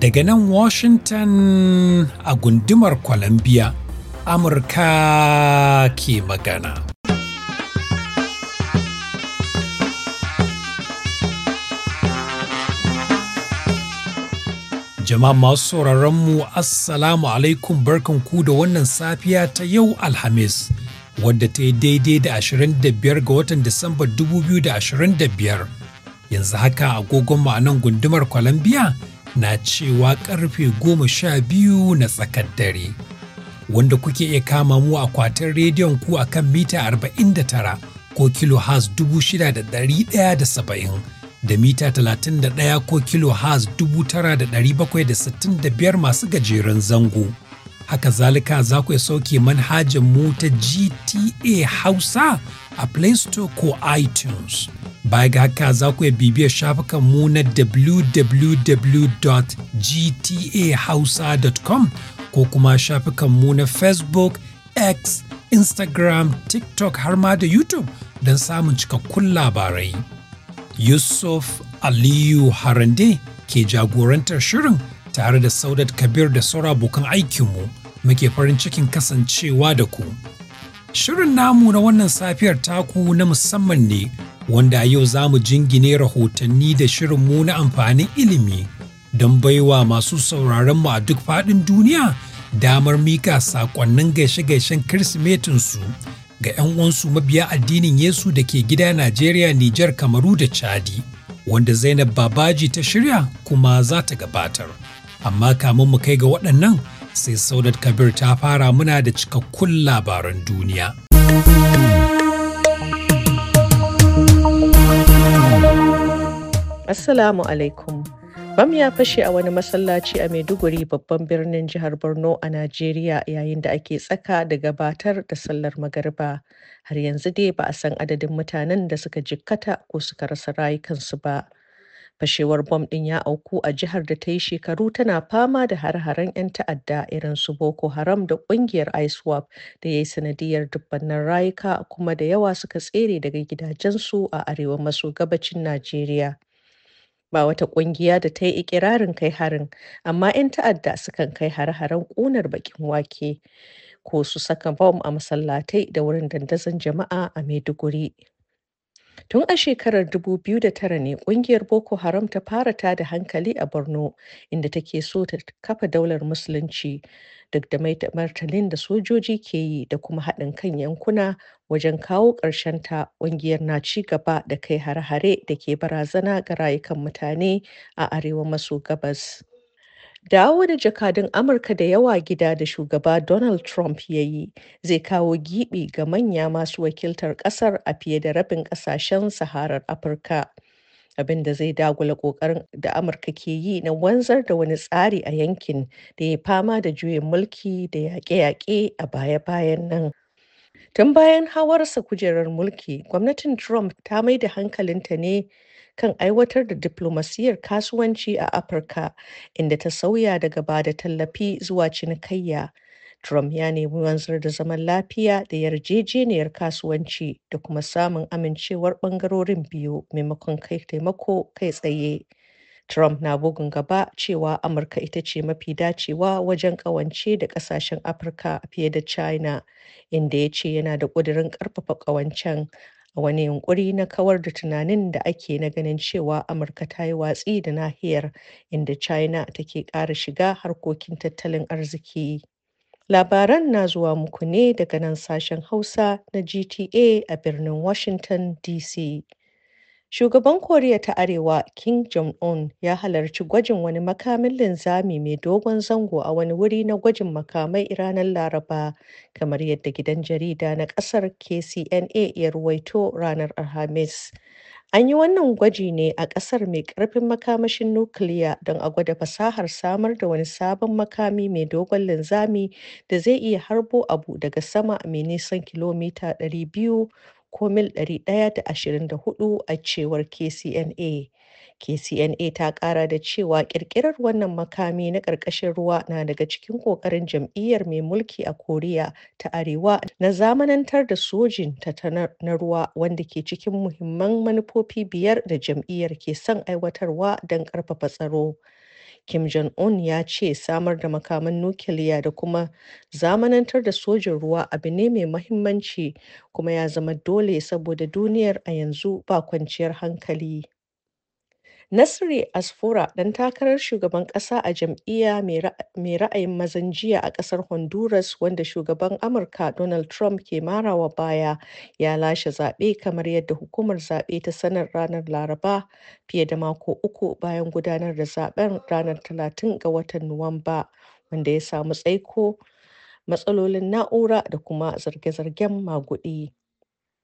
Daga nan Washington a gundumar Columbia, Amurka ke magana. Jama'a masu sauraronmu, Assalamu alaikum barkan ku da wannan safiya ta yau Alhamis. wadda ta yi daidai da 25 ga watan Disamba 2025. Yanzu haka agogon ma'anan gundumar Columbia na cewa karfe 12 na tsakar dare. Wanda kuke iya kama mu a kwatar rediyon ku a kan mita 49 ko kilo has 6,170 da mita talatin 31 ko kilo da 9,765 masu gajeren zango. haka zalika za ku sauke manhajar mu ta GTA Hausa a Play Store ko iTunes. Baya ga haka za ku iya bibiyar shafukan mu na www.gtahausa.com ko kuma shafukan mu na Facebook, X, Instagram, TikTok har ma da YouTube don samun cikakkun labarai. Yusuf Aliyu Harande ke jagorantar shirin tare da Saudat Kabir da saura abokan aikinmu. muke farin cikin kasancewa da ku. Shirin namu na wannan safiyar taku na musamman ne wanda yau za mu jingine rahotanni da shirin mu na amfanin ilimi don baiwa masu sauraron mu a duk faɗin duniya damar mika saƙonnin gaishe-gaishen Kirsimetinsu ga 'yan mabiya addinin Yesu da ke gida Najeriya, Nijar, Kamaru da Chadi, wanda Zainab Babaji ta shirya kuma za ta gabatar. Amma kamun mu kai ga waɗannan sai Saudat Kabir ta fara muna da cikakkun labaran duniya. Assalamu alaikum. Bam ya fashe a wani masallaci a Maiduguri babban birnin jihar Borno a Najeriya yayin da ake tsaka da gabatar da sallar magariba. Har yanzu dai ba a san adadin mutanen da suka jikkata ko suka rasa rayukansu ba. Fashewar bom ɗin ya auku a jihar da ta yi shekaru tana fama da har-haren 'yan ta'adda irin su Boko Haram da ƙungiyar ISWAP da ya yi sanadiyar dubbannin rayuka kuma da yawa suka tsere daga gidajensu a arewa maso gabacin Najeriya. ba wata ƙungiya da ta yi ikirarin kai harin amma 'yan ta'adda sukan kai hare-haren ƙunar bakin wake ko su saka bom a masallatai da wurin dandazon jama'a a maiduguri Tun a shekarar 2009 ne ƙungiyar Boko Haram ta fara ta da hankali a Borno, inda take so ta kafa daular Musulunci, duk da martanin da sojoji ke yi da kuma haɗin kan yankuna wajen kawo ta, ƙungiyar na ci gaba da kai hare-hare da ke barazana ga rayukan mutane a arewa maso gabas. Dawo da jakadun Amurka da yawa gida da Shugaba Donald Trump ya yi zai kawo gibi ga manya masu wakiltar ƙasar a fiye da rabin ƙasashen Saharar Afirka, abin da zai dagula ƙoƙarin da Amurka ke yi na wanzar da wani tsari a yankin da ya fama da juyin mulki da yaƙe-yaƙe a baya-bayan nan. Tun bayan hawarsa kujerar mulki, gwamnatin Trump ta mai da hankalinta ne kan aiwatar da diflomasiyyar kasuwanci a Afirka, inda ta sauya daga ba da tallafi zuwa cinikayya. Trump ya nemi wanzar da zaman lafiya da yarjejeniyar kasuwanci da kuma samun amincewar bangarorin biyu maimakon kai taimako kai tsaye. Trump na bugun gaba cewa Amurka ita ce mafi dacewa wajen kawance da kasashen Afirka fiye da China, inda ya ce yana da ƙudurin ƙarfafa ƙawancen. a wani yunkuri na kawar da tunanin da ake na ganin cewa amurka ta yi watsi da nahiyar inda china take ƙara shiga harkokin tattalin arziki labaran na zuwa muku ne daga nan sashen hausa na gta a birnin washington dc Shugaban Koriya ta Arewa Kim Jong-un ya halarci gwajin wani makamin linzami mai dogon zango a wani wuri na gwajin makamai ranar Laraba, kamar yadda gidan jarida na ƙasar KCNA ya ruwaito ranar Alhamis. An yi wannan gwaji ne a ƙasar mai ƙarfin makamashin nukiliya don a gwada fasahar samar da wani sabon makami mai dogon linzami da zai iya harbo abu daga sama mai nisan kilomita 200 ko mil 124 a cewar KCNA. KCNA ta ƙara da cewa ƙirƙirar wannan makami na ƙarƙashin ruwa na daga cikin ƙoƙarin jam'iyyar mai mulki a Koriya ta Arewa na zamanantar da sojin ta na ruwa wanda ke cikin muhimman manufofi biyar da jam'iyyar ke son aiwatarwa don ƙarfafa tsaro. Kim Jong-un ya ce samar da makaman nukiliya da kuma zamanantar da sojin ruwa abu ne mai mahimmanci kuma ya zama dole saboda duniyar a yanzu ba kwanciyar hankali. Nasri Asfura, ɗan takarar shugaban ƙasa a jam'iyya mai ra'ayin mazan jiya a ƙasar Honduras wanda shugaban Amurka Donald Trump ke marawa baya, ya lashe zaɓe kamar yadda hukumar zaɓe ta sanar ranar Laraba fiye da mako uku bayan gudanar da zaɓen ranar 30 ga watan Nuwamba, wanda ya samu tsaiko matsalolin na'ura da kuma zarge-zargen maguɗi.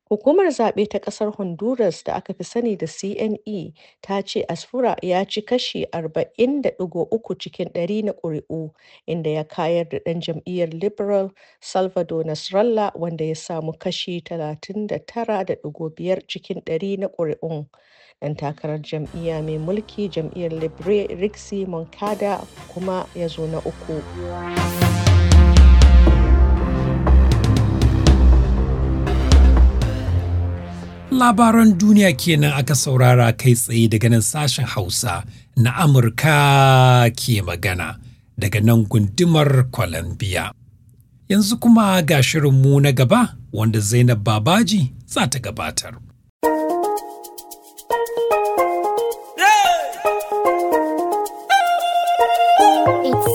Hukumar zaɓe ta ƙasar Honduras da aka fi sani da CNE ta ce Azura ya ci kashi 40.3 cikin ɗari na ƙuri'u, inda ya kayar da ɗan jam'iyyar Liberal Salvador Nasralla, wanda ya samu kashi 39.5 cikin ɗari na ƙuri'un. Ɗan takarar jam'iyya mai mulki jam'iyyar Libre Rixi Moncada kuma ya zo na uku. labaran duniya kenan aka saurara kai tsaye daga nan sashen hausa na amurka ke magana daga nan gundumar colombia yanzu kuma ga shirinmu na gaba wanda zainab babaji za ta gabatar It's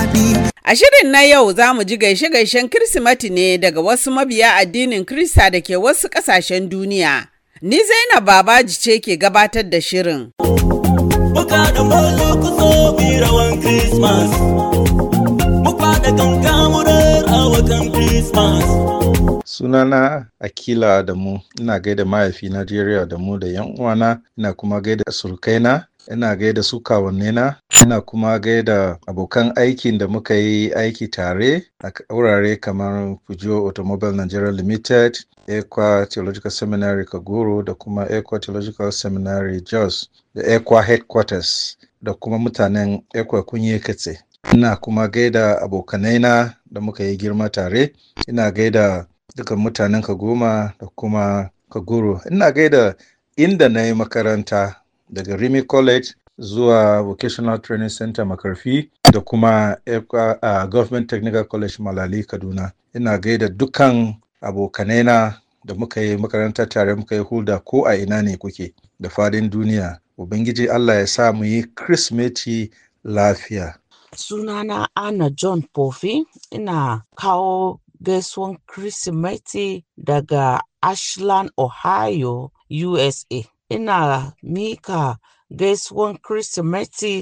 A shirin na yau za mu ji gaishe-gaishen Kirsimati ne daga wasu mabiya addinin Kirista da ke wasu ƙasashen duniya. Ni Zainab Babaji ce ke gabatar da shirin. Sunana Akila Adamu, ina gaida mahaifi Najeriya da mu da 'yan uwana, ina kuma gaida surukaina ina gaida su kawannina ina kuma gaida abokan aikin da muka yi aiki tare a wurare kamar Fujo Automobile Nigeria Limited, Ekwa Theological Seminary Kaguru da kuma Ekwa Theological Seminary Jos da Ekwa Headquarters da kuma mutanen Ekwa Kunye Katse. Ina kuma gaida abokanaina da muka yi girma tare, ina gaida dukan mutanen Kaguma, da kuma Kaguru. Ina gaida inda na yi makaranta daga Rimi College zuwa Vocational Training Center Makarfi da kuma a Government Technical College Malali Kaduna. Ina gaida dukkan abokanaina da muka yi makaranta tare muka yi hulda ko a ina ne kuke da fadin duniya. Ubangiji Allah ya sa mu yi Kirsimeti lafiya. Sunana Anna John Pofi ina kawo gaisuwan Kirsimeti daga Ashland, Ohio, USA. ina mika gaisuwan Kirsimeti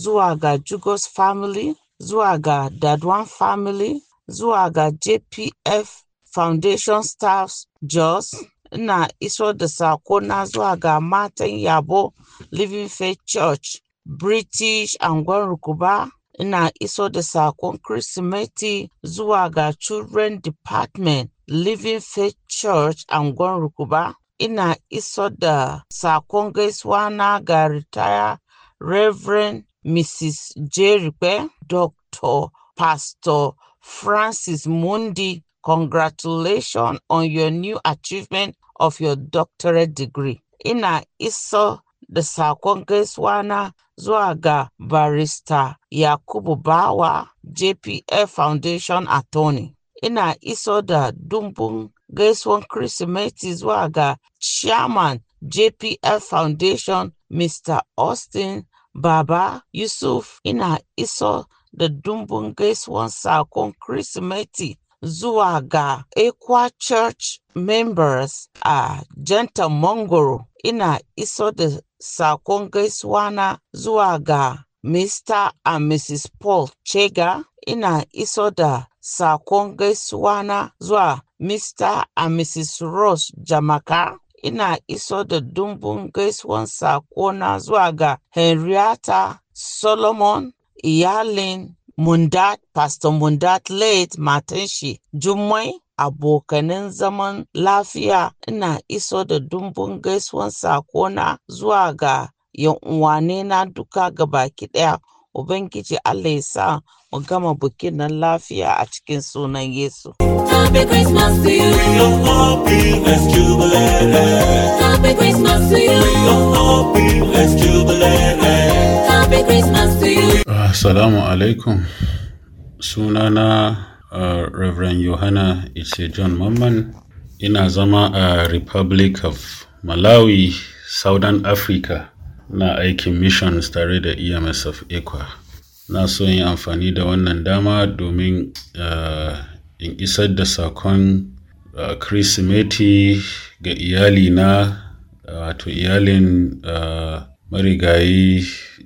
zuwa ga Jugos Family, zuwa ga Dadwan Family, zuwa ga JPF Foundation Staff Jos. Ina iso da saƙona zuwa ga matan Yabo Living Faith Church, British Angon Rukuba. Ina iso da sakon Kirsimeti zuwa ga Children Department, Living Faith Church Angon Rukuba. ina iso da sakon gaisuwa na ga Ritaya Reverend Mrs. Jeripe Dr. Pastor Francis Mundi, congratulations on your new achievement of your doctorate degree. Ina iso da sakon gaisuwa na zuwa ga barista Yakubu Bawa JPF Foundation Attorney. Ina iso da dumbun Gaiswon Kirsimeti Chairman, JPL Foundation, Mr. Austin Baba Yusuf ina iso the dumbun One sakon Chris zuwa ga Equa Church members a Gentle Mongoro ina iso the sakon gaisuwa One, zuwa Mr. and Mrs. Paul Chega ina iso da sakon gaisuwa na Mr. and Mrs. Ross Jamaka, ina iso da dumbun gaisuwan saƙona zuwa ga Henrietta Solomon, iyalin Mundat, Pastor Mundat Late, matan shi, Jummai, abokanin zaman lafiya ina iso da dumbun gaisuwan na zuwa ga uwane na duka ga baki ɗaya. Ubangiji Allah ya sa mu gama bikin nan lafiya a cikin sunan Yesu. Salamu Assalamu alaikum. Sunana uh, Reverend Yohana Ice John Mamman. Ina zama a Republic of Malawi, Southern Africa. Na aikin missions tare da EMS of Ecuador. na so yin amfani da wannan dama domin uh, in isar da sakon uh, kirsimeti ga iyalina wato uh, iyalin uh, marigayi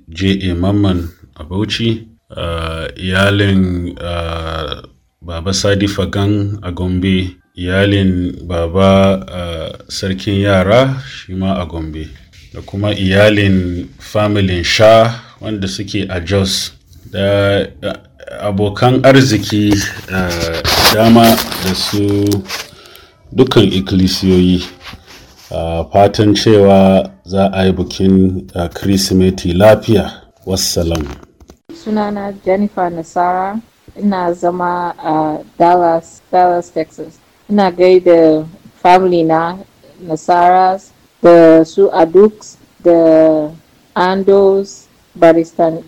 J.A. Mamman a Bauchi, uh, iyalin uh, Baba Sadi Fagan a Gombe, iyalin Baba uh, Sarkin Yara shi ma a Gombe, da kuma iyalin familin Sha wanda suke a Jos da abokan arziki dama da su dukkan ikkilisiyoyi fatan cewa za a yi bikin kirsimeti lafiya wassalam sunana jennifer nasara ina zama a dallas dallas texas ina gaida family na nasaras da su adux da andos Barrister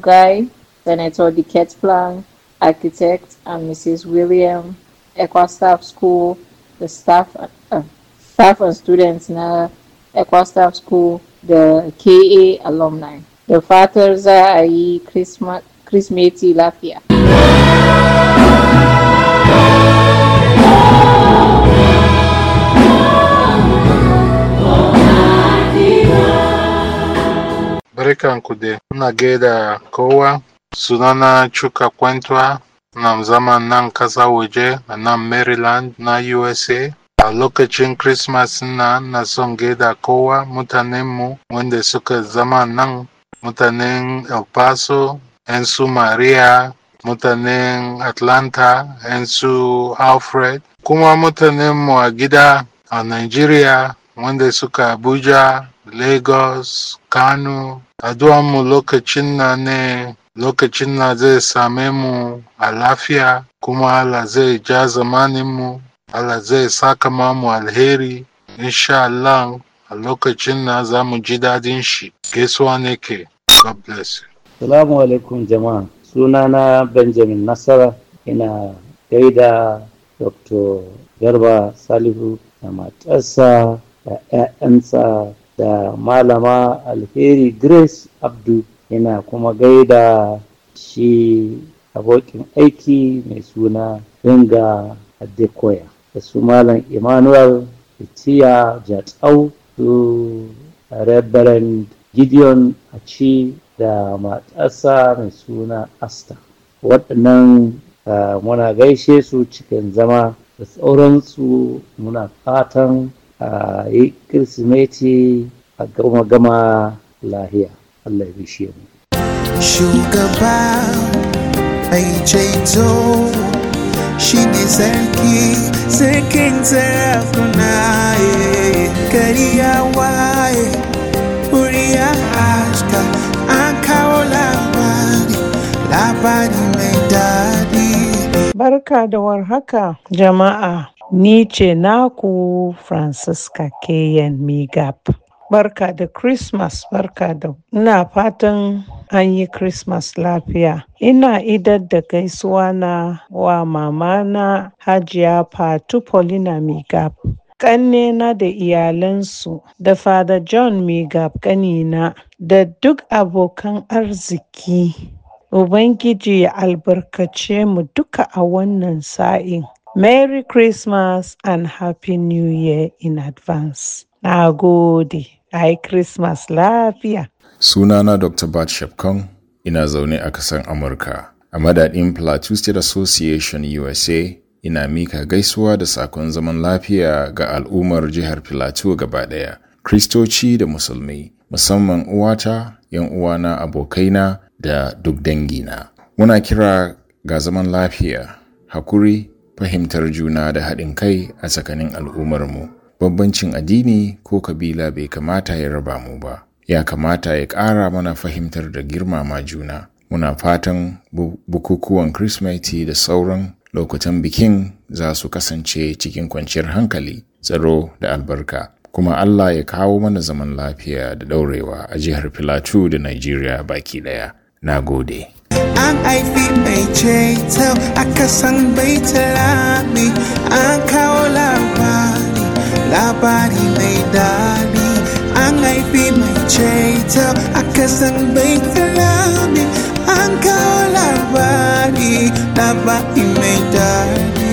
guy, Senator Diket plan, architect, and Mrs. William, Equastaff School, the staff, uh, staff and students na Equastaff School, the KA alumni. The fathers are Chris Christmas Lafia. kude na geda kowa sunana Chuka Kwentwa na zama nan kasa waje a nan Maryland na USA a lokacin Christmas na na son geda kowa mu wanda suka zama nan mutanen El Paso, su Maria, mutanen Atlanta, 'yan su Alfred, kuma mutanenmu a gida a Nigeria wanda suka Abuja Lagos, Kano. mu lokacin na ne lokacin na zai same mu a lafiya kuma Allah zai ja zamaninmu, Allah zai saka mamu alheri, insha Allah a lokacin na za mu ji dadin shi. Gaisuwa ne ke. God bless you. Salamu alaikum jama'a. Sunana Benjamin Nasara ina gaida Dr. Garba Salihu da matarsa da 'ya'yansa da malama alheri grace abdu yana kuma gaida shi abokin aiki mai suna ringa adekoya da su malam emmanuel itiya jatsau su reverend gideon aci da matasa mai suna asta waɗannan ah, muna gaishe su cikin zama da sauransu muna fatan a yi kirsimeti a gama gama lahiya allah ya bishe mu shugaba mai ceto shi ne sarki sarkin sarakuna gari ya waye wuri ya haska an kawo labari labari mai daɗi barka da warhaka jama'a Ni ce naku Francisca KN Migap. Barka da Christmas, barka da ina fatan an yi Christmas lafiya. Ina idar da gaisuwa na wa mamana Hajiya Fatu Paulina Migap. na da iyalansu da Father John Migap ƙanina da duk abokan arziki. Ubangiji ya albarkace mu duka a wannan sa'in. Merry Christmas and Happy New Year in advance. Na gode, ai Christmas lafiya. Sunana Dr. Bart Shepkong, ina zaune a kasan Amurka, a madadin Plateau State Association USA, ina mika gaisuwa da sakon zaman lafiya ga al'ummar jihar Plateau gaba ɗaya, Kristoci da Musulmi, musamman uwata, 'yan uwana, abokaina da duk dangina. Muna kira ga zaman lafiya, hakuri fahimtar juna da haɗin kai a tsakanin al'ummarmu. Bambancin addini ko kabila bai kamata ya raba mu ba, ya kamata ya ƙara mana fahimtar da girmama juna. Muna fatan bukukuwan Kirsimeti da sauran lokutan bikin za su kasance cikin kwanciyar hankali, tsaro da albarka. Kuma Allah ya kawo mana zaman lafiya da ɗaurewa a jihar Filatu da Najeriya baki ɗaya. Na gode. Ang IV ay J-Town Akasambay talami Ang kaulabani Labani may dali Ang IV may J-Town Akasambay talami Ang kaulabani Labani may dali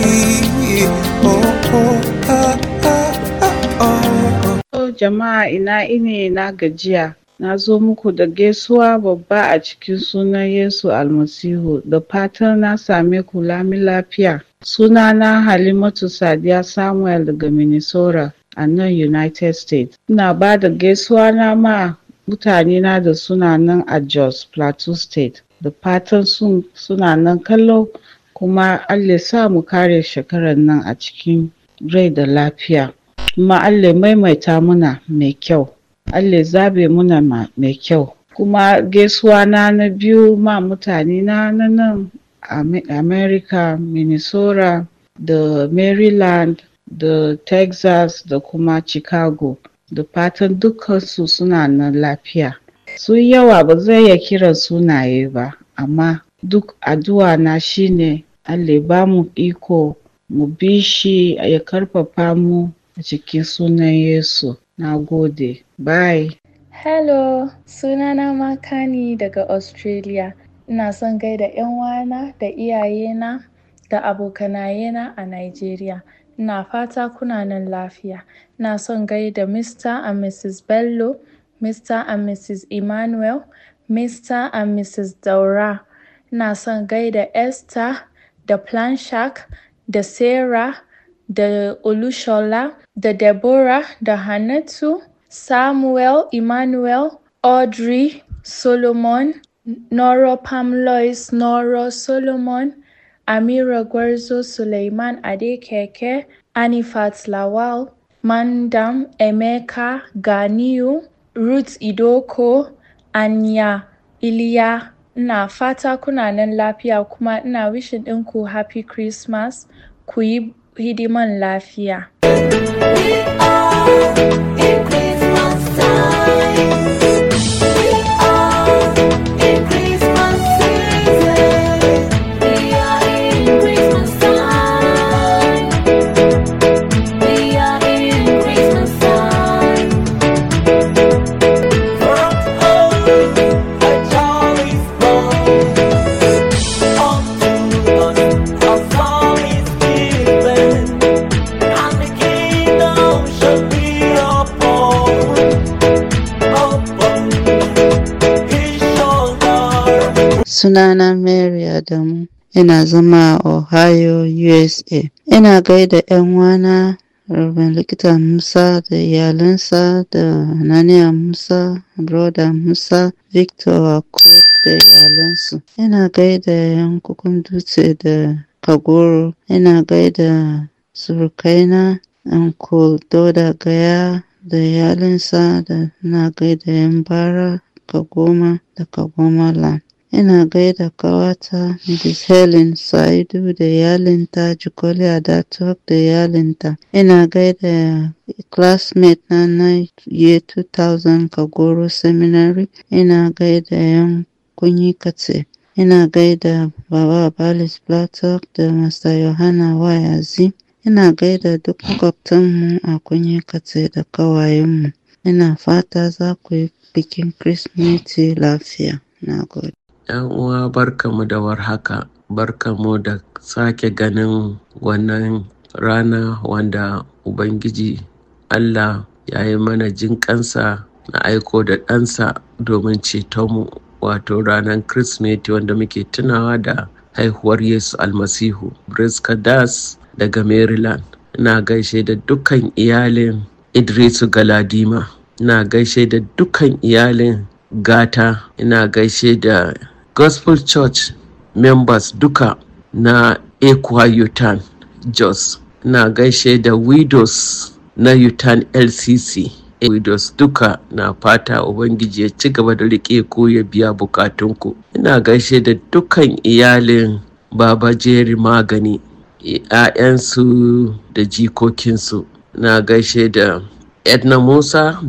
oh oh, oh oh oh oh oh oh Jama'a ina ini na gajiya Na zo muku da gaisuwa babba a cikin sunan Yesu Almasihu, da fatan na same ku lami lafiya. Sunana Halimatu Sadiya Samuel daga Minnesota a nan United States. Ina ba da gaisuwa na ma mutane na da suna nan a Jos Plateau State, da fatan suna nan kallo kuma Allah sa mu kare shekarar nan a cikin rai da lafiya. Kuma Allah maimaita muna mai kyau. Allah zabe muna mai kyau kuma gaisuwa na na biyu ma mutane na nan america minnesota da maryland da texas da kuma chicago da fatan dukansu suna nan lafiya sun yawa ba zai ya kiran sunaye ba amma duk addu'a na shine allah ba mu iko mu bi shi ya karfafa mu a cikin sunan yesu Na gode, bye. Hello, sunana Makani daga Australia. Ina son gaida 'yan wana da iyayena da abokanayena a Nigeria. Ina fata kuna nan lafiya. Ina son gaida Mr. and Mrs. Bello, Mr. and Mrs. Emmanuel, Mr. and Mrs. Daura. Ina son gaida Esther da Planshark da Sarah the Olushola, the Deborah, the Hanetu, Samuel, Emmanuel, Audrey, Solomon, Noro Pamlois, Noro Solomon, Amira Guerzo, Suleiman Adekeke, Anifat Lawal, Mandam Emeka Ganiu, Ruth Idoko, Anya Ilya. Na fata kuna nan lafiya kuma ina wishin ɗinku Happy Christmas, ku yi hidiman lafiya. Sunana Mary Adamu, ina zama a Ohio, USA. Ina gaida 'yan wana Rabin Likita Musa da iyalansa da Hananiya Musa, Broda Musa, Victor Akut da iyalansu. Ina gaida 'yan kukun dutse da Kagoro, ina gaida surukaina, Uncle Doda Gaya da iyalinsa da na gaida 'yan bara Kagoma da Kagoma Land. Ina gaida kawata Mrs. Helen Sa'idu da yalinta Jikoli Adatok da yalinta. Ina gaida classmate na na year 2000 Kagoro Seminary. Ina gaida yan kunyi katse. Ina gaida Baba Balis Blatok da master Yohana Wayazi. Ina gaida duk makwabtanmu a kunyi katse da ƙawayenmu. Ina fata za ku yi bikin Christmas lafiya. Na gode. 'yan uwa barkamu da warhaka barkamu da sake ganin wannan rana wanda ubangiji allah ya yi mana jinƙansa na aiko da ɗansa domin cetonmu wato ranar kirsimeti wanda muke tunawa da haihuwar yesu almasihu briska daga maryland na gaishe da dukkan iyalin idrisu galadima na gaishe da dukkan iyalin gata ina gaishe da gospel church members duka na ekwa utan jos na gaishe da widows na utan lcc eh, widows duka na fata ubangiji ya ci gaba da riƙe ko ya biya bukatunku ina gaishe da dukan iyalin baba Jerry magani 'ya'yansu da jikokinsu na gaishe da edna musa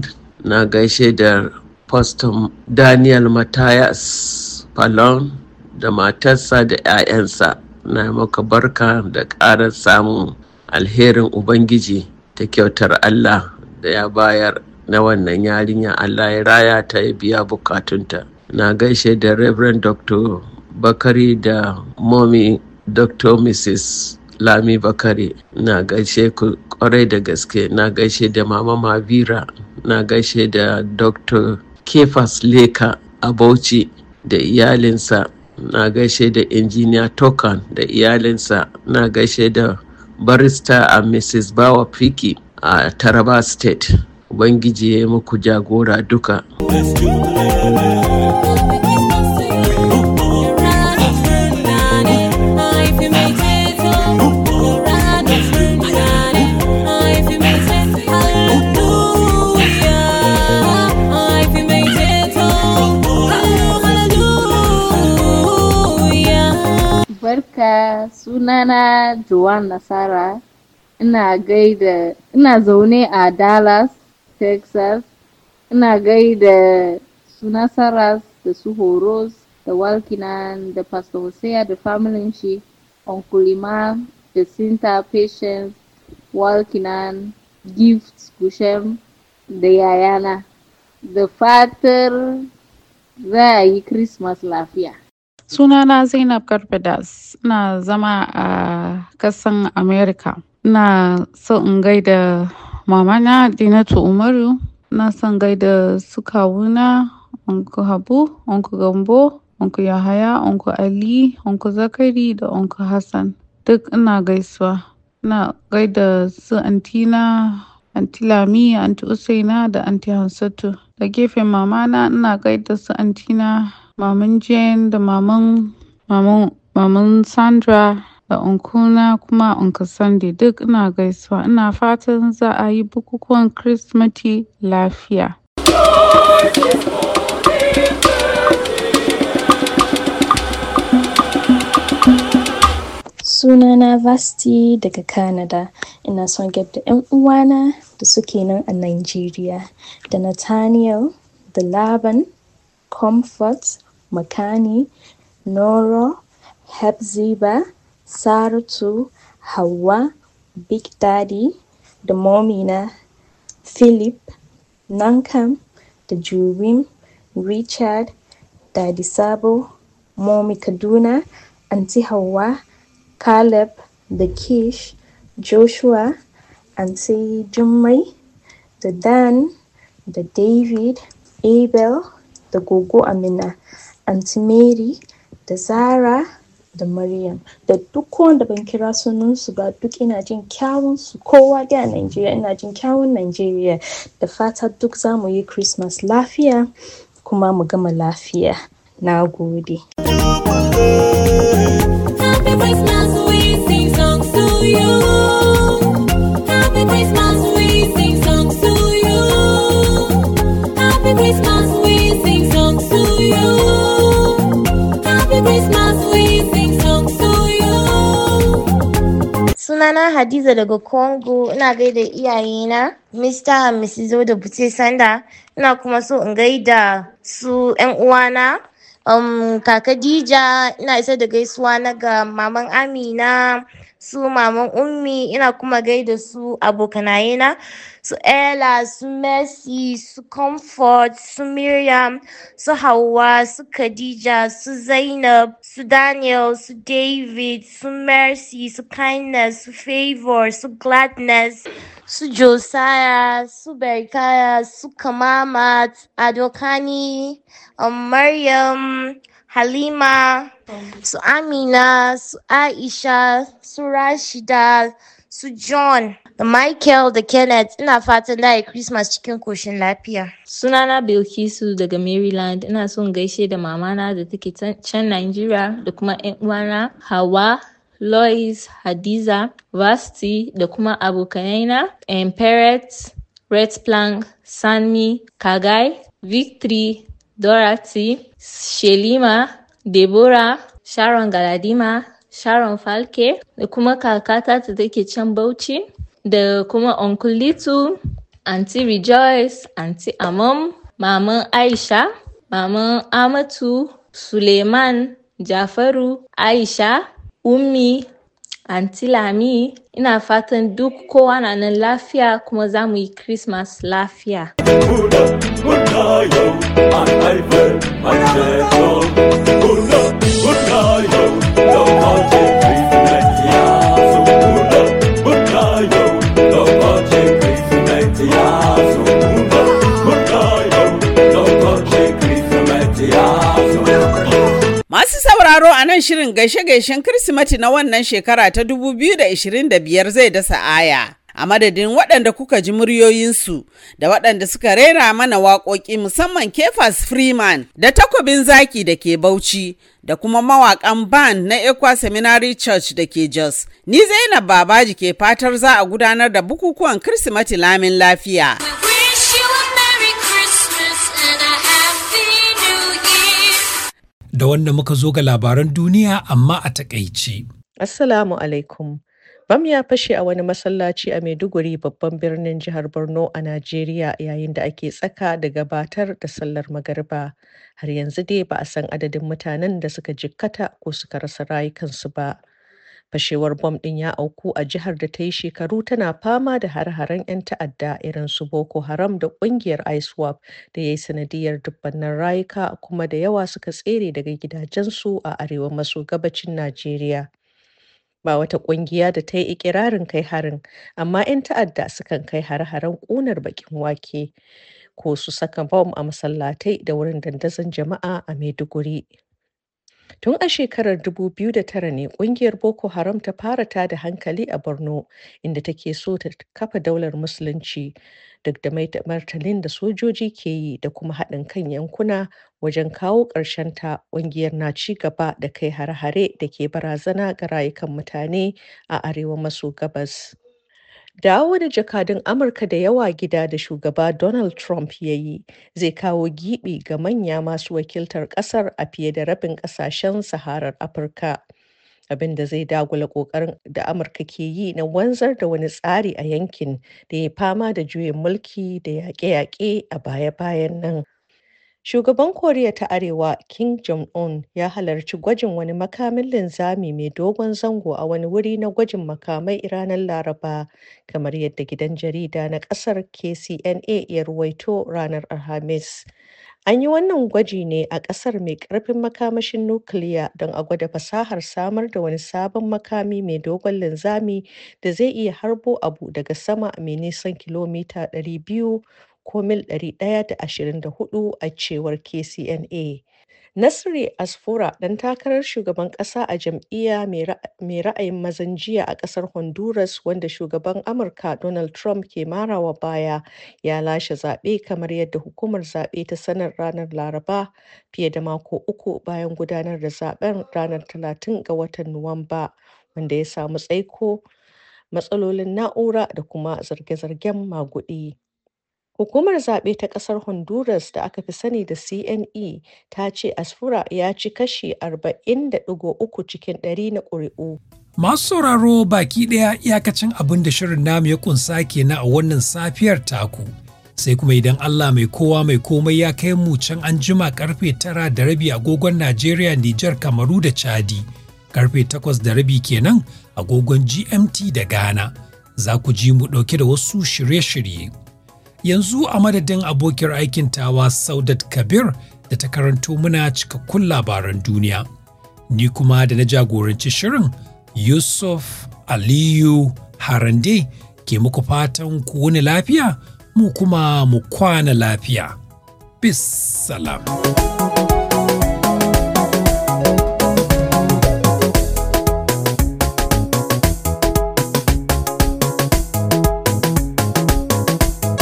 na gaishe da pastor daniel matthias falon da matarsa da 'ya'yansa na maka barka da ƙarar samun alherin Ubangiji ta kyautar Allah da ya bayar na wannan yarinya Allah ya raya ta ya biya bukatunta. Na gaishe da Reverend Dr. Bakari da Mommy Dr. Mrs. Lami Bakari na gaishe ku kwarai da gaske na gaishe da Mama Mavira na gaishe da Dr. Kefas Leka a Bauchi da iyalinsa na gaishe da injiniya tokan da iyalinsa na gaishe da barista a mrs bawa fiki a taraba state ubangiji ya yi muku jagora duka haka sunana Joan Nasara ina gaida ina zaune a Dallas, Texas ina gaida su Nasaras da su Horos da Walkinan da Pastor Hosea da familin shi Onkulima da Sinta Patience Walkinan Gift Gushem da yayana da fatar za a yi Christmas lafiya. sunana zainab karfadas na zama a kasan america na so in gaida mamana dinatu umaru na son gaida su kawuna unku habu unku gambo unku yahaya unku ali unku zakari da unku hassan duk ina gaisuwa na gaida su antina anti lami anti usaina da anti hansatu da gefen mamana ina gaida su antina maman Jane da maman maman Sandra da unkuna kuma unka Sunday duk ina gaisuwa ina fatan za a yi bukukuwan Kirsimeti lafiya. sunana Vasti daga Canada. Ina son gabda da 'yan uwana da suke nan a Nigeria, da Nathaniel, da Laban, Comfort, Makani, Nora, Hepziba, Saratu, Hawa, Big Daddy, The Momina, Philip, Nankam, The Jubim, Richard, Daddy Sabo, Mommy Kaduna, Auntie Hawa, Caleb, The Kish, Joshua, Auntie Jummai, The Dan, The David, Abel, da Goggo Amina, aunt Mary da Zara da Maryam da duk wanda ban kira sunansu ba duk ina jin kyawun su kowa da a nigeria ina jin kyawun Najeriya da fata duk za mu yi Christmas lafiya kuma mu gama lafiya. Na gode. Happy Christmas. sunana Hadiza daga Congo ina gaida iyayena Mr. and Mrs. Zoda Bute Sanda ina kuma so in gaida su yan uwana um, kaka Dija ina isa da gaisuwa na ga maman Amina su maman Ummi ina kuma gaida su abokanayena to Ella, to Mercy, to Comfort, to Miriam, to Hawa, to Khadija, to Zainab, to Daniel, to David, to Mercy, to Kindness, to Favor, to Gladness, to Josiah, to Berikaya, to Kamamat, Adokani, um, Mariam, Halima, to um, Amina, to Aisha, to Rashida, su John, da Michael da Kenneth. Ina fatan da yi Christmas cikin koshin lafiya. Sunana Bilkisu daga Maryland. Ina son gaishe da mamana da take can Nigeria da kuma 'yan uwana Hawa Lois, Hadiza, Vasti da kuma abokanaina Emperet, Red Plank, Sanmi, Kagai, Victory, Dorothy, Shelima, Deborah, Sharon Galadima, Sharon Falke da kuma kakata ta take can Bauchi da kuma Uncle Litu, Aunty Rejoice, Aunty Amam, Maman Aisha, Maman Amatu, Suleiman, Jafaru, Aisha, Ummi, Aunty Lami. Ina fatan duk kowa na nan lafiya kuma za mu yi Christmas lafiya. yau, sauraro a nan shirin gaishe-gaishen Kirsimati na wannan shekara ta 2025 zai dasa aya. A madadin waɗanda kuka ji muryoyinsu da waɗanda suka rera mana waƙoƙi musamman Kefas Freeman da takobin zaki da ke Bauchi da kuma mawaƙan band na Ekwa Seminary Church da ke Jos. Ni Zainab Babaji ke fatar za a gudanar da bukukuwan Kirsimeti lamin lafiya. da wanda muka zo ga labaran duniya amma a takaice. Assalamu alaikum. Bam ya fashe a wani masallaci a Maiduguri babban birnin jihar Borno a Najeriya yayin da ake tsaka da gabatar da sallar magarba Har yanzu dai ba a san adadin mutanen da suka jikkata ko suka rasa rayukansu ba. Fashewar bom ɗin ya auku a jihar da ta yi shekaru tana fama da har-haren 'yan ta'adda irin su Boko Haram da ƙungiyar ISWAP da ya yi sanadiyar dubbannin rayuka kuma da yawa suka tsere daga gidajensu a arewa maso gabacin Najeriya. ba wata ƙungiya da ta yi ikirarin kai harin amma 'yan ta'adda sukan kai har-haren ƙunar bakin wake ko su saka bom a masallatai da wurin dandazon jama'a a maiduguri Tun a shekarar 2009 ne ƙungiyar Boko Haram ta fara ta da hankali a Borno inda take so ta kafa daular Musulunci duk da martanin da sojoji ke yi da kuma haɗin kan yankuna wajen kawo ƙarshen ta ƙungiyar na ci gaba da kai hare-hare da ke barazana ga rayukan mutane a arewa maso gabas. Dawo da jakadun Amurka da yawa gida da Shugaba Donald Trump ya yi zai kawo gibi ga manya masu wakiltar ƙasar a fiye da rabin ƙasashen Saharar Afirka, abin da zai dagula ƙoƙarin da Amurka ke yi na wanzar da wani tsari a yankin da ya fama da juyin mulki da yaƙe-yaƙe a baya-bayan nan. Shugaban Koriya ta Arewa Kim Jong-un ya halarci gwajin wani makamin linzami mai dogon zango a wani wuri na gwajin makamai ranar Laraba, kamar yadda gidan jarida na kasar KCNA ya ruwaito ranar Alhamis. An yi wannan gwaji ne a kasar mai karfin makamashin nukiliya don a gwada fasahar samar da wani sabon makami mai dogon linzami da zai iya harbo abu daga sama mai nisan kilomita 200 ko mil 124 a cewar kcna Nasri Asfura ɗan takarar shugaban ƙasa a jam'iyya mai ra'ayin mazan jiya a ƙasar Honduras wanda shugaban Amurka Donald Trump ke marawa baya ya lashe zaɓe kamar yadda hukumar zaɓe ta sanar ranar Laraba fiye da mako uku bayan gudanar da zaɓen ranar 30 ga watan Nuwamba wanda ya samu tsaiko matsalolin na'ura da kuma zarge-zargen maguɗi. Hukumar zaɓe ta ƙasar Honduras da aka fi sani da CNE ta ce Asfura ya ci kashi 40.3 cikin ɗari na ƙuri'u. Masu sauraro baki ɗaya iyakacin abin da shirin namu ya ƙunsa kenan a wannan safiyar taku. Sai kuma idan Allah mai kowa mai komai ya kai mu can an jima karfe tara da rabi agogon Najeriya, Nijar, Kamaru da Chadi. Karfe takwas da rabi kenan agogon GMT da Ghana. Za ku ji mu ɗauke da wasu shirye-shirye. yanzu a madadin abokiyar aikin tawa Saudat Kabir da ta karanto muna cikakkun labaran duniya. Ni kuma da na jagoranci shirin Yusuf Aliyu Harande ke muku fatan ku wani lafiya mu kuma mu kwana lafiya. Bis salam.